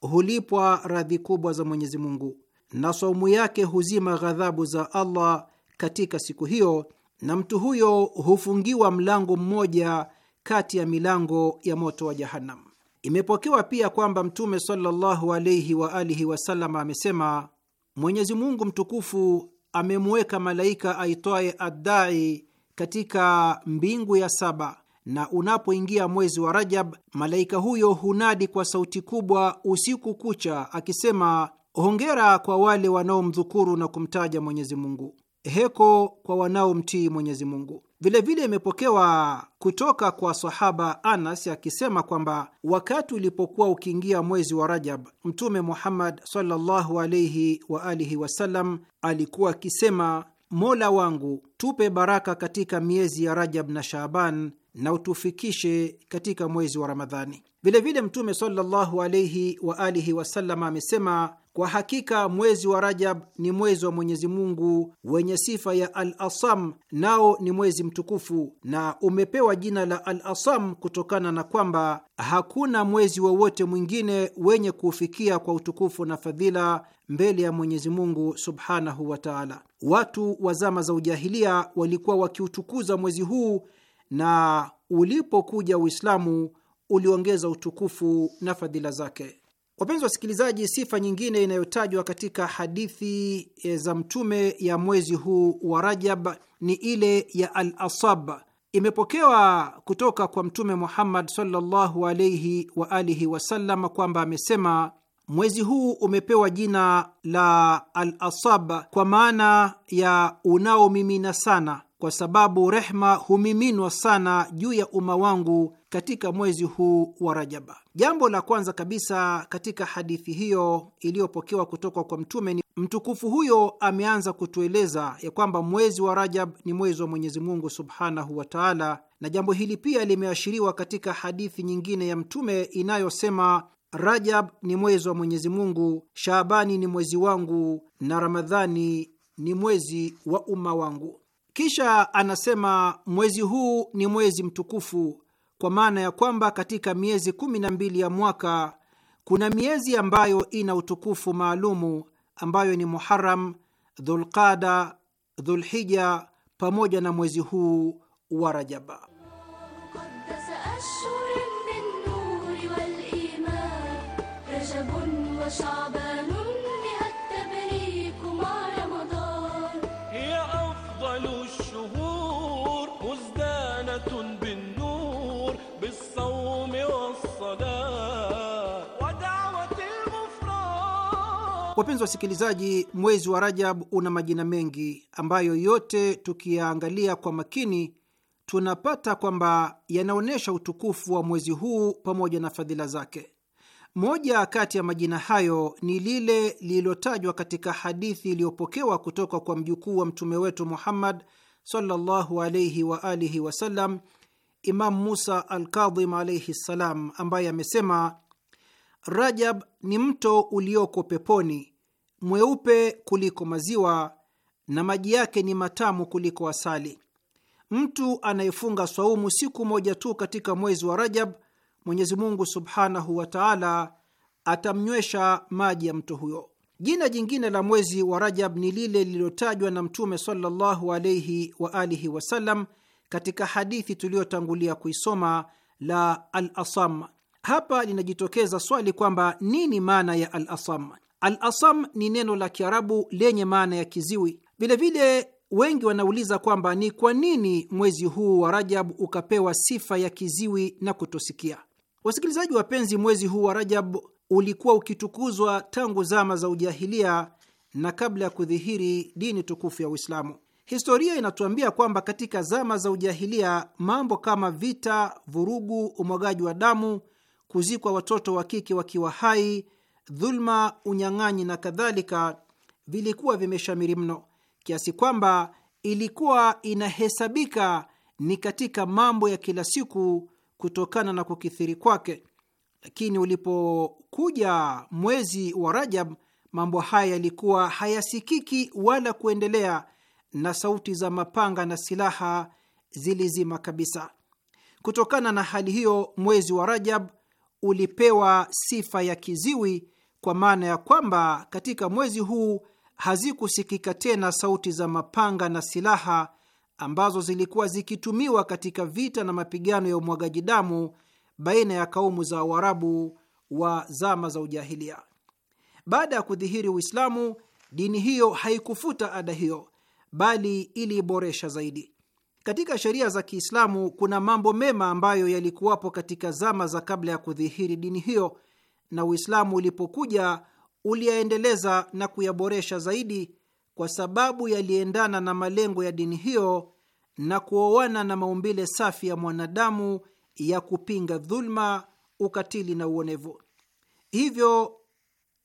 hulipwa radhi kubwa za Mwenyezi Mungu, na swaumu yake huzima ghadhabu za Allah katika siku hiyo na mtu huyo hufungiwa mlango mmoja kati ya milango ya moto wa Jahannam. Imepokewa pia kwamba Mtume sallallahu alaihi wa alihi wasallam amesema, Mwenyezi Mungu mtukufu amemweka malaika aitwaye Addai katika mbingu ya saba, na unapoingia mwezi wa Rajab, malaika huyo hunadi kwa sauti kubwa usiku kucha akisema, hongera kwa wale wanaomdhukuru na kumtaja Mwenyezi Mungu heko kwa wanaomtii Mwenyezi Mungu. Vilevile imepokewa kutoka kwa sahaba Anas akisema kwamba wakati ulipokuwa ukiingia mwezi wa Rajab, Mtume Muhammad sallallahu alaihi wa alihi wasallam alikuwa akisema, Mola wangu, tupe baraka katika miezi ya Rajab na Shaaban na utufikishe katika mwezi wa Ramadhani. Vilevile Mtume sallallahu alaihi wa alihi wasallam amesema, kwa hakika mwezi wa Rajab ni mwezi wa Mwenyezi Mungu wenye sifa ya Al-Asam, nao ni mwezi mtukufu, na umepewa jina la Al-Asam kutokana na kwamba hakuna mwezi wowote mwingine wenye kuufikia kwa utukufu na fadhila mbele ya Mwenyezi Mungu subhanahu wa taala. Watu wa zama za ujahilia walikuwa wakiutukuza mwezi huu, na ulipokuja Uislamu uliongeza utukufu na fadhila zake. Wapenzi wasikilizaji, sifa nyingine inayotajwa katika hadithi eh, za Mtume ya mwezi huu wa Rajab ni ile ya al-asab. Imepokewa kutoka kwa Mtume Muhammad sallallahu alaihi wa alihi wasallam kwamba amesema, mwezi huu umepewa jina la al-asab kwa maana ya unaomimina sana kwa sababu rehma humiminwa sana juu ya umma wangu katika mwezi huu wa Rajaba. Jambo la kwanza kabisa katika hadithi hiyo iliyopokewa kutoka kwa Mtume ni mtukufu huyo ameanza kutueleza ya kwamba mwezi wa Rajab ni mwezi wa Mwenyezi Mungu subhanahu wa taala, na jambo hili pia limeashiriwa katika hadithi nyingine ya Mtume inayosema Rajab ni mwezi wa Mwenyezi Mungu, Shaabani ni mwezi wangu, na Ramadhani ni mwezi wa umma wangu. Kisha anasema mwezi huu ni mwezi mtukufu, kwa maana ya kwamba katika miezi kumi na mbili ya mwaka kuna miezi ambayo ina utukufu maalumu, ambayo ni Muharam, Dhulqada, Dhulhija pamoja na mwezi huu wa Rajaba. حياة بالنور بالصوم والصلاة ودعوة Wapenzi wasikilizaji, mwezi wa Rajab una majina mengi ambayo yote tukiyaangalia kwa makini tunapata kwamba yanaonyesha utukufu wa mwezi huu pamoja na fadhila zake. Moja kati ya majina hayo ni lile lililotajwa katika hadithi iliyopokewa kutoka kwa mjukuu wa mtume wetu Muhammad sallallahu alayhi wa alihi wasallam, Imam Musa Alkadhim alaihi ssalam, ambaye amesema Rajab ni mto ulioko peponi, mweupe kuliko maziwa na maji yake ni matamu kuliko asali. Mtu anayefunga swaumu siku moja tu katika mwezi wa Rajab, Mwenyezi Mungu subhanahu wa taala atamnywesha maji ya mto huyo. Jina jingine la mwezi wa Rajab ni lile lililotajwa na Mtume sallallahu alaihi wa alihi wasallam katika hadithi tuliyotangulia kuisoma la Al-Asam. Hapa linajitokeza swali kwamba nini maana ya Al-Asam? Al-Asam ni neno la Kiarabu lenye maana ya kiziwi. Vilevile wengi wanauliza kwamba ni kwa nini mwezi huu wa Rajab ukapewa sifa ya kiziwi na kutosikia. Wasikilizaji wapenzi, mwezi huu wa Rajab ulikuwa ukitukuzwa tangu zama za ujahilia na kabla ya kudhihiri dini tukufu ya Uislamu. Historia inatuambia kwamba katika zama za ujahilia mambo kama vita, vurugu, umwagaji wa damu, kuzikwa watoto wa kike wakiwa hai, dhulma, unyang'anyi na kadhalika vilikuwa vimeshamiri mno kiasi kwamba ilikuwa inahesabika ni katika mambo ya kila siku kutokana na kukithiri kwake. Lakini ulipo kuja mwezi wa Rajab mambo haya yalikuwa hayasikiki wala kuendelea, na sauti za mapanga na silaha zilizima kabisa. Kutokana na hali hiyo, mwezi wa Rajab ulipewa sifa ya kiziwi, kwa maana ya kwamba katika mwezi huu hazikusikika tena sauti za mapanga na silaha ambazo zilikuwa zikitumiwa katika vita na mapigano ya umwagaji damu baina ya kaumu za Waarabu wa zama za ujahilia. Baada ya kudhihiri Uislamu, dini hiyo haikufuta ada hiyo, bali iliiboresha zaidi. Katika sheria za Kiislamu kuna mambo mema ambayo yalikuwapo katika zama za kabla ya kudhihiri dini hiyo, na Uislamu ulipokuja uliyaendeleza na kuyaboresha zaidi, kwa sababu yaliendana na malengo ya dini hiyo na kuoana na maumbile safi ya mwanadamu ya kupinga dhulma ukatili na uonevu. Hivyo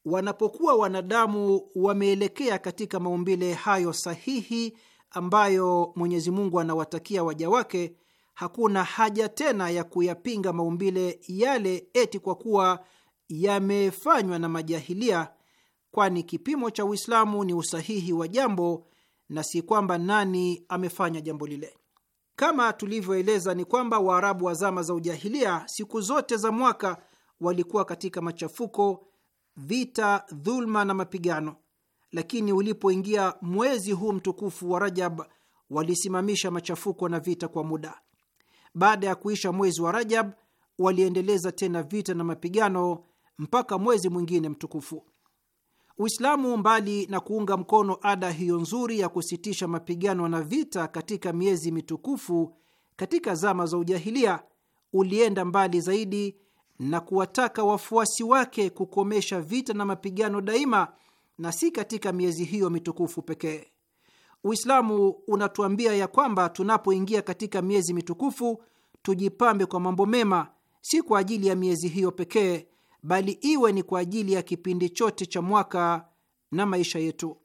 wanapokuwa wanadamu wameelekea katika maumbile hayo sahihi ambayo Mwenyezi Mungu anawatakia waja wake, hakuna haja tena ya kuyapinga maumbile yale eti kwa kuwa yamefanywa na majahilia, kwani kipimo cha Uislamu ni usahihi wa jambo na si kwamba nani amefanya jambo lile. Kama tulivyoeleza ni kwamba Waarabu wa zama za ujahilia siku zote za mwaka walikuwa katika machafuko, vita, dhulma na mapigano, lakini ulipoingia mwezi huu mtukufu wa Rajab walisimamisha machafuko na vita kwa muda. Baada ya kuisha mwezi wa Rajab waliendeleza tena vita na mapigano mpaka mwezi mwingine mtukufu. Uislamu mbali na kuunga mkono ada hiyo nzuri ya kusitisha mapigano na vita katika miezi mitukufu katika zama za ujahilia, ulienda mbali zaidi na kuwataka wafuasi wake kukomesha vita na mapigano daima na si katika miezi hiyo mitukufu pekee. Uislamu unatuambia ya kwamba tunapoingia katika miezi mitukufu tujipambe kwa mambo mema, si kwa ajili ya miezi hiyo pekee bali iwe ni kwa ajili ya kipindi chote cha mwaka na maisha yetu.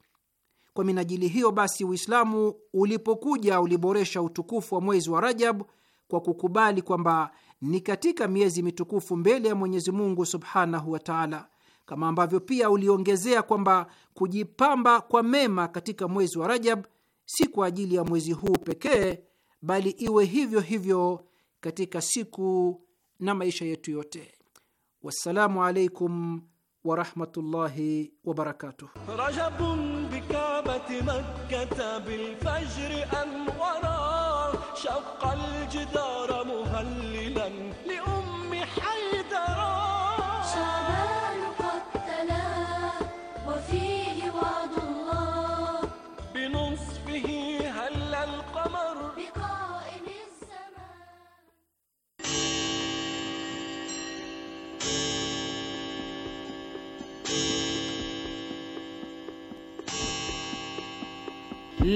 Kwa minajili hiyo basi, Uislamu ulipokuja uliboresha utukufu wa mwezi wa Rajab kwa kukubali kwamba ni katika miezi mitukufu mbele ya Mwenyezi Mungu subhanahu wa taala, kama ambavyo pia uliongezea kwamba kujipamba kwa mema katika mwezi wa Rajab si kwa ajili ya mwezi huu pekee, bali iwe hivyo hivyo katika siku na maisha yetu yote. والسلام عليكم ورحمة الله وبركاته رجب بكعبة مكة بالفجر أنورا شق الجدار مهللا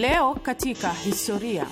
Leo katika historia.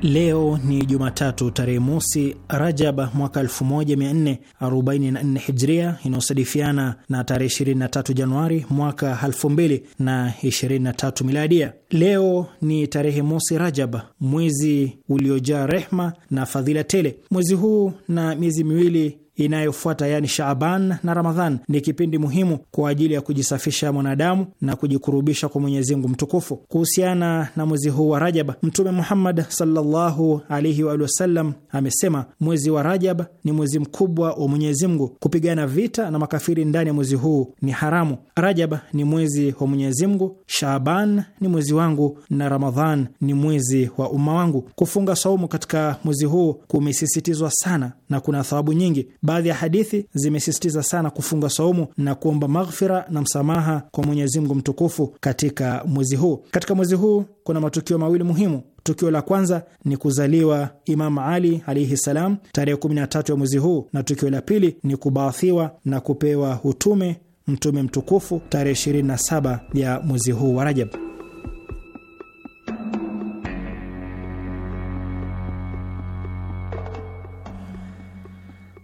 Leo ni Jumatatu tarehe mosi Rajab mwaka 1444 Hijria, inayosadifiana na tarehe 23 Januari mwaka 2023 Miladia. Leo ni tarehe mosi Rajab, mwezi uliojaa rehma na fadhila tele. Mwezi huu na miezi miwili inayofuata yani Shaaban na Ramadhan ni kipindi muhimu kwa ajili ya kujisafisha mwanadamu na kujikurubisha kwa Mwenyezi Mungu mtukufu. Kuhusiana na mwezi huu wa Rajab, Mtume Muhammad sallallahu alaihi wa sallam amesema, mwezi wa Rajab ni mwezi mkubwa wa Mwenyezi Mungu. Kupigana vita na makafiri ndani ya mwezi huu ni haramu. Rajab ni mwezi wa Mwenyezi Mungu, Shaaban ni mwezi wangu na Ramadhan ni mwezi wa umma wangu. Kufunga saumu katika mwezi huu kumesisitizwa sana na kuna thawabu nyingi. Baadhi ya hadithi zimesisitiza sana kufunga saumu na kuomba maghfira na msamaha kwa Mwenyezi Mungu mtukufu katika mwezi huu. Katika mwezi huu kuna matukio mawili muhimu. Tukio la kwanza ni kuzaliwa Imam Ali alaihi salam tarehe 13 ya mwezi huu, na tukio la pili ni kubaathiwa na kupewa utume mtume mtukufu tarehe 27 ya mwezi huu wa Rajab.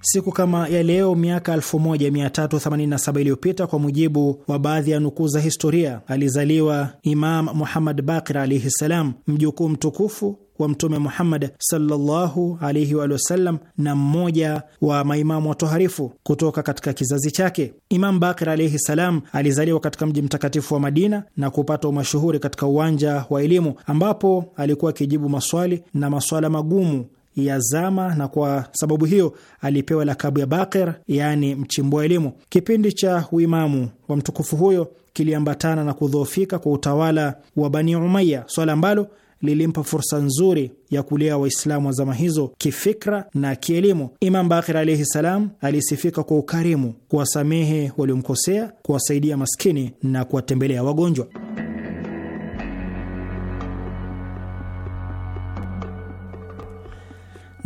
Siku kama ya leo miaka 1387 iliyopita, kwa mujibu wa baadhi ya nukuu za historia, alizaliwa Imam Muhammad Baqir alaihi ssalam, mjukuu mtukufu wa Mtume Muhammad sallallahu alaihi wa wasallam na mmoja wa maimamu watoharifu kutoka katika kizazi chake. Imam Bakir alaihi salam alizaliwa katika mji mtakatifu wa Madina na kupata umashuhuri katika uwanja wa elimu, ambapo alikuwa akijibu maswali na maswala magumu ya zama, na kwa sababu hiyo alipewa lakabu ya Bakir, yaani mchimbua elimu. Kipindi cha uimamu wa mtukufu huyo kiliambatana na kudhoofika kwa utawala wa Bani Umaya, swala ambalo lilimpa fursa nzuri ya kulea Waislamu wa zama hizo kifikra na kielimu. Imam Bakir alaihi salam alisifika kwa ukarimu, kuwasamehe waliomkosea, kuwasaidia maskini na kuwatembelea wagonjwa.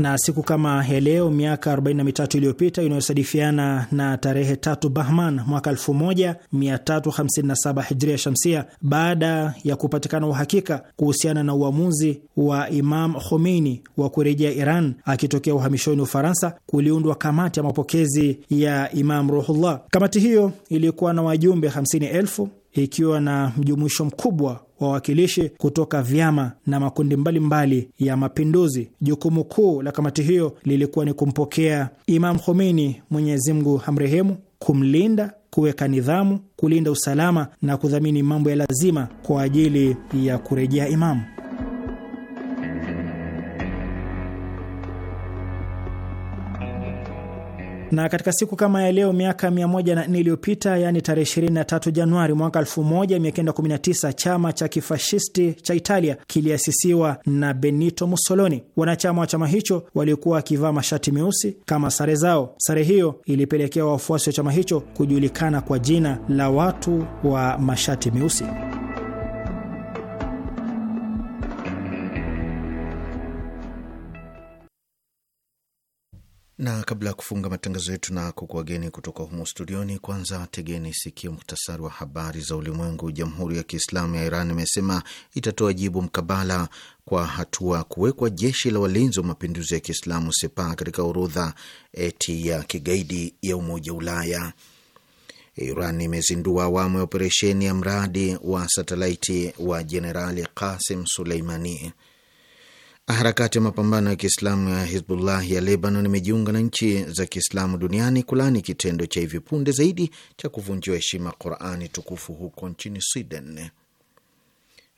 na siku kama ya leo miaka 43 iliyopita inayosadifiana na tarehe tatu Bahman mwaka 1357 hijria shamsia, baada ya kupatikana uhakika kuhusiana na uamuzi wa Imam Khomeini wa kurejea Iran akitokea uhamishoni Ufaransa, kuliundwa kamati ya mapokezi ya Imam Ruhullah. Kamati hiyo ilikuwa na wajumbe 50,000 ikiwa na mjumuisho mkubwa wawakilishi kutoka vyama na makundi mbalimbali mbali ya mapinduzi. Jukumu kuu la kamati hiyo lilikuwa ni kumpokea Imam Khomeini, Mwenyezi Mungu amrehemu, kumlinda, kuweka nidhamu, kulinda usalama na kudhamini mambo ya lazima kwa ajili ya kurejea Imamu. Na katika siku kama ya leo miaka 104 iliyopita, yani tarehe 23 Januari mwaka 1919, chama cha kifashisti cha Italia kiliasisiwa na Benito Mussolini. Wanachama wa chama hicho waliokuwa wakivaa mashati meusi kama sare zao. Sare hiyo ilipelekea wafuasi wa chama hicho kujulikana kwa jina la watu wa mashati meusi. na kabla ya kufunga matangazo yetu na wageni kutoka humo studioni, kwanza tegeni sikio muhtasari wa habari za ulimwengu. Jamhuri ya Kiislamu ya Iran imesema itatoa jibu mkabala kwa hatua kuwekwa jeshi la walinzi wa mapinduzi ya Kiislamu sepa katika orodha eti ya kigaidi ya Umoja wa Ulaya. Iran imezindua awamu ya operesheni ya mradi wa satelaiti wa Jenerali Kasim Suleimani. Harakati ya mapambano ya Kiislamu ya Hizbullah ya Lebanon imejiunga na nchi za Kiislamu duniani kulani kitendo cha hivi punde zaidi cha kuvunjiwa heshima Qurani tukufu huko nchini Sweden.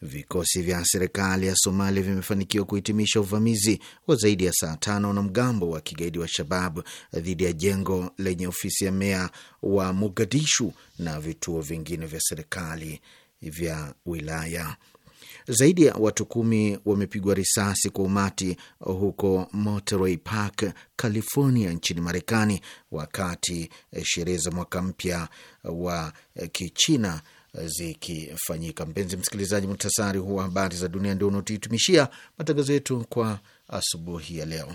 Vikosi vya serikali ya Somalia vimefanikiwa kuhitimisha uvamizi wa zaidi ya saa tano na mgambo wa kigaidi wa Shabab dhidi ya jengo lenye ofisi ya meya wa Mogadishu na vituo vingine vya serikali vya wilaya. Zaidi ya watu kumi wamepigwa risasi kwa umati huko Monterey Park, California, nchini Marekani, wakati eh, sherehe za mwaka mpya eh, wa eh, Kichina zikifanyika. Mpenzi msikilizaji, muhtasari huu wa habari za dunia ndio unaotuhitimishia matangazo yetu kwa asubuhi ya leo.